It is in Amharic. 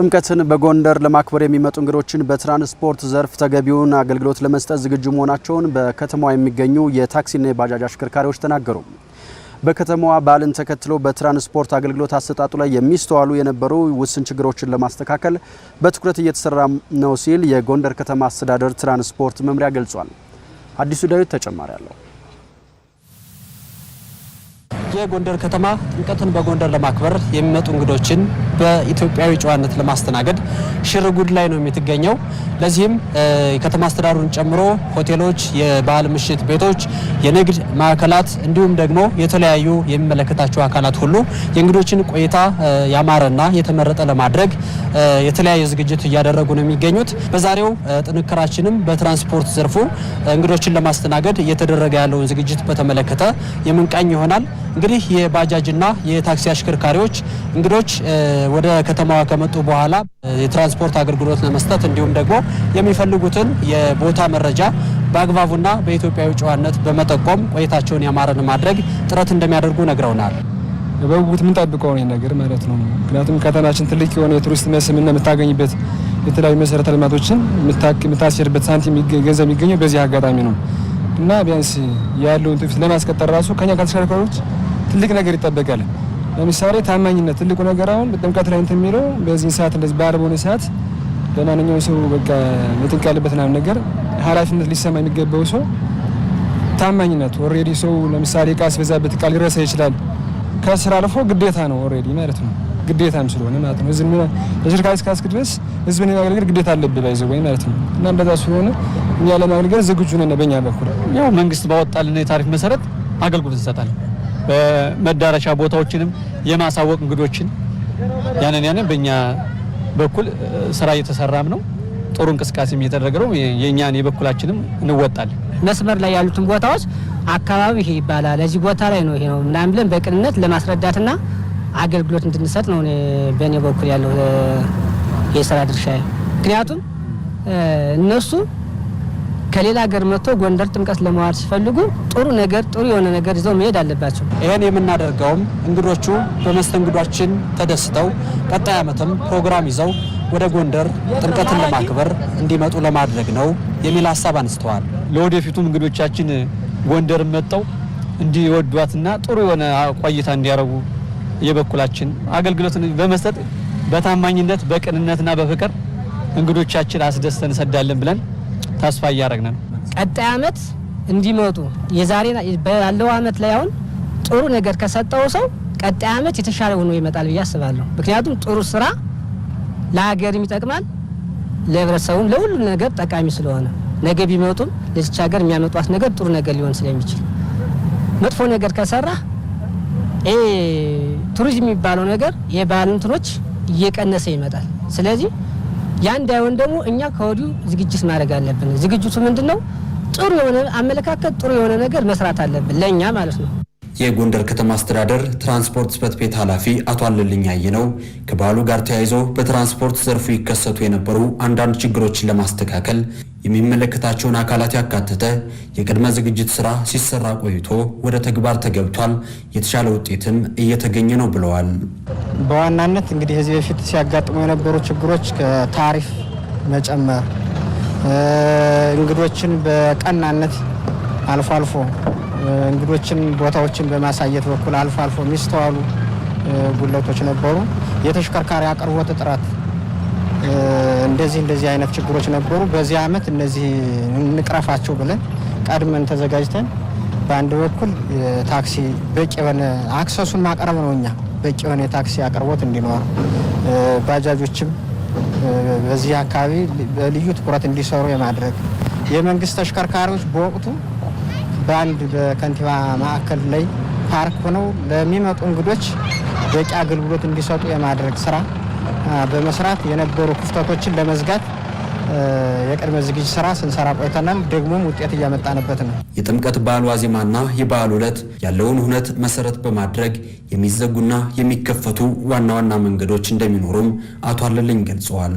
ጥምቀትን በጎንደር ለማክበር የሚመጡ እንግዶችን በትራንስፖርት ዘርፍ ተገቢውን አገልግሎት ለመስጠት ዝግጁ መሆናቸውን በከተማዋ የሚገኙ የታክሲና የባጃጅ አሽከርካሪዎች ተናገሩ። በከተማዋ በዓልን ተከትሎ በትራንስፖርት አገልግሎት አሰጣጡ ላይ የሚስተዋሉ የነበሩ ውስን ችግሮችን ለማስተካከል በትኩረት እየተሰራ ነው ሲል የጎንደር ከተማ አስተዳደር ትራንስፖርት መምሪያ ገልጿል። አዲሱ ዳዊት ተጨማሪ አለው። የጎንደር ከተማ ጥምቀትን በጎንደር ለማክበር የሚመጡ እንግዶችን በኢትዮጵያዊ ጨዋነት ለማስተናገድ ሽርጉድ ላይ ነው የምትገኘው። ለዚህም የከተማ አስተዳደሩን ጨምሮ ሆቴሎች፣ የባህል ምሽት ቤቶች፣ የንግድ ማዕከላት እንዲሁም ደግሞ የተለያዩ የሚመለከታቸው አካላት ሁሉ የእንግዶችን ቆይታ ያማረና የተመረጠ ለማድረግ የተለያየ ዝግጅት እያደረጉ ነው የሚገኙት። በዛሬው ጥንክራችንም በትራንስፖርት ዘርፉ እንግዶችን ለማስተናገድ እየተደረገ ያለውን ዝግጅት በተመለከተ የምንቃኝ ይሆናል። እንግዲህ የባጃጅና የታክሲ አሽከርካሪዎች እንግዶች ወደ ከተማዋ ከመጡ በኋላ የትራንስፖርት አገልግሎት ለመስጠት እንዲሁም ደግሞ የሚፈልጉትን የቦታ መረጃ በአግባቡና በኢትዮጵያዊ ጨዋነት በመጠቆም ቆይታቸውን ያማረን ማድረግ ጥረት እንደሚያደርጉ ነግረውናል። በጉጉት የምንጠብቀው ነው ነገር ማለት ነው። ምክንያቱም ከተማችን ትልቅ የሆነ የቱሪስት መስህብና የምታገኝበት የተለያዩ መሰረተ ልማቶችን የምታስሄድበት ሳንቲም ገንዘብ የሚገኘው በዚህ አጋጣሚ ነው እና ቢያንስ ያለውን ትውፊት ለማስቀጠር ራሱ ከኛ ከተሽከርካሪዎች ትልቅ ነገር ይጠበቃል። ለምሳሌ ታማኝነት ትልቁ ነገር አሁን በጥምቀት ላይ እንትን የሚለው በዚህ ሰዓት እንደዚህ በዓል በሆነ ሰዓት ለማንኛውም ሰው በቃ መጠንቀቅ ያለበት ምናምን ነገር ኃላፊነት ሊሰማ የሚገባው ሰው ታማኝነት ኦልሬዲ ሰው ለምሳሌ ዕቃ ሲበዛበት ዕቃ ሊረሳ ይችላል። ከስራ አልፎ ግዴታ ነው ኦልሬዲ ማለት ነው ግዴታም ስለሆነ ማለት ነው። ህዝብ ተሽከርካሪ እስካስክ ድረስ ህዝብን የማገልገል ግዴታ አለብህ ባይዘ ወይ ማለት ነው። እና እንደዛ ስለሆነ እኛ ለማገልገል ዝግጁ ነን በእኛ በኩል ያው መንግስት ባወጣልን የታሪፍ መሰረት አገልግሎት እንሰጣለን። መዳረሻ ቦታዎችንም የማሳወቅ እንግዶችን ያንን ያንን በእኛ በኩል ስራ እየተሰራም ነው። ጥሩ እንቅስቃሴ እየተደረገ ነው። የእኛን የበኩላችንም እንወጣለን። መስመር ላይ ያሉትን ቦታዎች አካባቢ ይሄ ይባላል እዚህ ቦታ ላይ ነው ይሄ ነው ምናምን ብለን በቅንነት ለማስረዳትና አገልግሎት እንድንሰጥ ነው በእኔ በኩል ያለው የስራ ድርሻ። ምክንያቱም እነሱ ከሌላ ሀገር መጥቶ ጎንደር ጥምቀት ለመዋል ሲፈልጉ ጥሩ ነገር ጥሩ የሆነ ነገር ይዘው መሄድ አለባቸው። ይህን የምናደርገውም እንግዶቹ በመስተንግዷችን ተደስተው ቀጣይ ዓመትም ፕሮግራም ይዘው ወደ ጎንደር ጥምቀትን ለማክበር እንዲመጡ ለማድረግ ነው የሚል ሀሳብ አንስተዋል። ለወደፊቱም እንግዶቻችን ጎንደር መጥተው እንዲወዷትና ጥሩ የሆነ ቆይታ እንዲያደርጉ የበኩላችን አገልግሎትን በመስጠት በታማኝነት በቅንነትና በፍቅር እንግዶቻችን አስደስተን እንሰዳለን ብለን ተስፋ እያደረግን ነው። ቀጣይ አመት እንዲመጡ የዛሬ ባለው አመት ላይ አሁን ጥሩ ነገር ከሰጠው ሰው ቀጣይ አመት የተሻለ ሆኖ ይመጣል ብዬ አስባለሁ። ምክንያቱም ጥሩ ስራ ለሀገርም ይጠቅማል፣ ለህብረተሰቡም፣ ለሁሉ ነገር ጠቃሚ ስለሆነ ነገ ቢመጡም ለዚች ሀገር የሚያመጧት ነገር ጥሩ ነገር ሊሆን ስለሚችል መጥፎ ነገር ከሰራ ቱሪዝም የሚባለው ነገር የባህል እንትኖች እየቀነሰ ይመጣል። ስለዚህ ያ እንዳይሆን ደግሞ እኛ ከወዲሁ ዝግጅት ማድረግ አለብን። ዝግጅቱ ምንድን ነው? ጥሩ የሆነ አመለካከት፣ ጥሩ የሆነ ነገር መስራት አለብን ለእኛ ማለት ነው። የጎንደር ከተማ አስተዳደር ትራንስፖርት ጽሕፈት ቤት ኃላፊ አቶ አለልኝ ነው። ከበዓሉ ጋር ተያይዞ በትራንስፖርት ዘርፉ ይከሰቱ የነበሩ አንዳንድ ችግሮችን ለማስተካከል የሚመለከታቸውን አካላት ያካተተ የቅድመ ዝግጅት ስራ ሲሰራ ቆይቶ ወደ ተግባር ተገብቷል፣ የተሻለ ውጤትም እየተገኘ ነው ብለዋል። በዋናነት እንግዲህ ከዚህ በፊት ሲያጋጥሙ የነበሩ ችግሮች ከታሪፍ መጨመር፣ እንግዶችን በቀናነት አልፎ አልፎ እንግዶችን ቦታዎችን በማሳየት በኩል አልፎ አልፎ የሚስተዋሉ ጉለቶች ነበሩ። የተሽከርካሪ አቅርቦት እጥረት፣ እንደዚህ እንደዚህ አይነት ችግሮች ነበሩ። በዚህ አመት እነዚህ እንቅረፋቸው ብለን ቀድመን ተዘጋጅተን በአንድ በኩል ታክሲ በቂ የሆነ አክሰሱን ማቅረብ ነው። እኛ በቂ የሆነ የታክሲ አቅርቦት እንዲኖር ባጃጆችም በዚህ አካባቢ በልዩ ትኩረት እንዲሰሩ የማድረግ የመንግስት ተሽከርካሪዎች በወቅቱ በአንድ በከንቲባ ማዕከል ላይ ፓርክ ሆነው ለሚመጡ እንግዶች በቂ አገልግሎት እንዲሰጡ የማድረግ ስራ በመስራት የነበሩ ክፍተቶችን ለመዝጋት የቅድመ ዝግጅት ስራ ስንሰራ ቆይተናል። ደግሞም ውጤት እያመጣንበት ነው። የጥምቀት በዓል ዋዜማና የበዓል ዕለት ያለውን ሁነት መሰረት በማድረግ የሚዘጉና የሚከፈቱ ዋና ዋና መንገዶች እንደሚኖሩም አቶ አለልኝ ገልጸዋል።